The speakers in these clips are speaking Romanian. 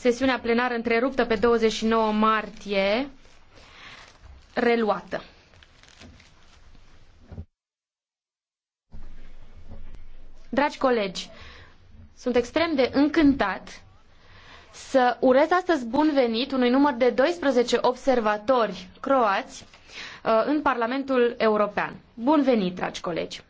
sesiunea plenară întreruptă pe 29 martie reluată. Dragi colegi, sunt extrem de încântat să urez astăzi bun venit unui număr de 12 observatori croați uh, în Parlamentul European. Bun venit, dragi colegi!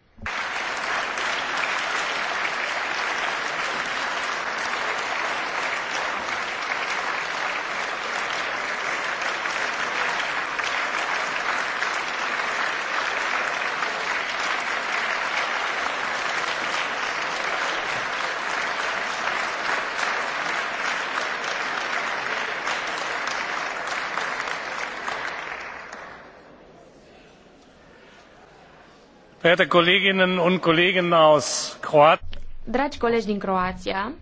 Dragi colegi din Croația,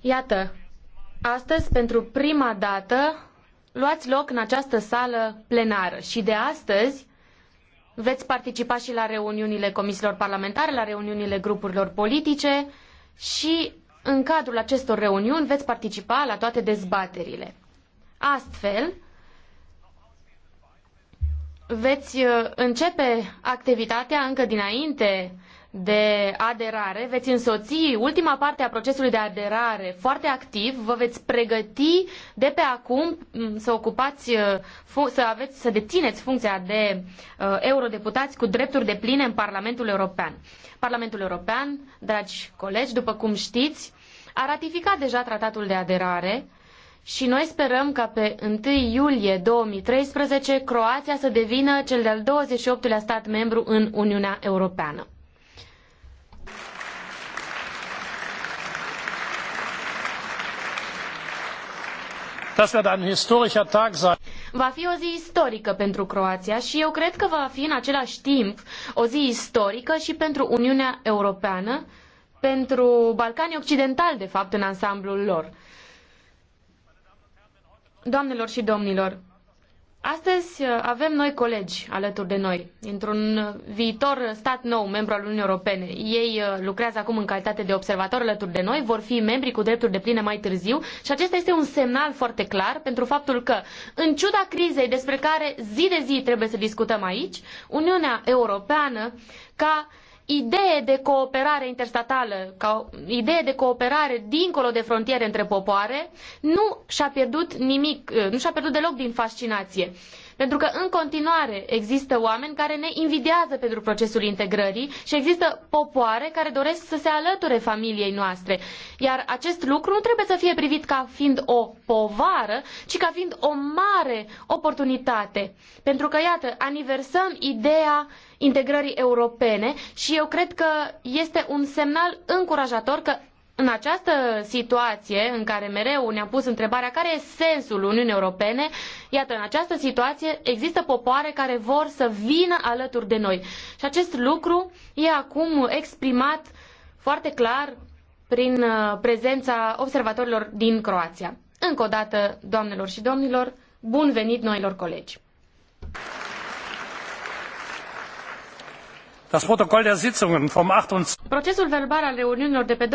iată, astăzi pentru prima dată luați loc în această sală plenară și de astăzi veți participa și la reuniunile comisiilor parlamentare, la reuniunile grupurilor politice și în cadrul acestor reuniuni veți participa la toate dezbaterile. Astfel, veți uh, începe activitatea încă dinainte de aderare, veți însoți ultima parte a procesului de aderare foarte activ, vă veți pregăti de pe acum mm, să ocupați, uh, să, aveți, să dețineți funcția de uh, eurodeputați cu drepturi de pline în Parlamentul European. Parlamentul European, dragi colegi, după cum știți, a ratificat deja tratatul de aderare, și noi sperăm ca pe 1 iulie 2013 Croația să devină cel de-al 28-lea stat membru în Uniunea Europeană. Va fi o zi istorică pentru Croația și eu cred că va fi în același timp o zi istorică și pentru Uniunea Europeană, pentru Balcanii Occidentali, de fapt, în ansamblul lor. Doamnelor și domnilor, astăzi uh, avem noi colegi alături de noi, într-un uh, viitor stat nou, membru al Uniunii Europene. Ei uh, lucrează acum în calitate de observator alături de noi, vor fi membri cu drepturi de pline mai târziu și acesta este un semnal foarte clar pentru faptul că, în ciuda crizei despre care zi de zi trebuie să discutăm aici, Uniunea Europeană, ca idee de cooperare interstatală, ca o idee de cooperare dincolo de frontiere între popoare, nu și-a pierdut nimic, nu și-a pierdut deloc din fascinație. Pentru că în continuare există oameni care ne invidiază pentru procesul integrării și există popoare care doresc să se alăture familiei noastre. Iar acest lucru nu trebuie să fie privit ca fiind o povară, ci ca fiind o mare oportunitate. Pentru că, iată, aniversăm ideea integrării europene și eu cred că este un semnal încurajator că în această situație în care mereu ne-am pus întrebarea care e sensul Uniunii Europene, iată, în această situație există popoare care vor să vină alături de noi. Și acest lucru e acum exprimat foarte clar prin uh, prezența observatorilor din Croația. Încă o dată, doamnelor și domnilor, bun venit noilor colegi! Procesul verbal al reuniunilor de pe 28-29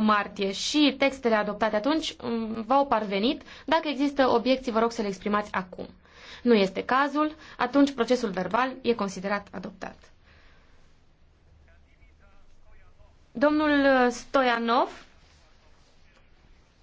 martie și textele adoptate atunci mm, v-au parvenit. Dacă există obiecții, vă rog să le exprimați acum. Nu este cazul, atunci procesul verbal e considerat adoptat. Domnul Stoianov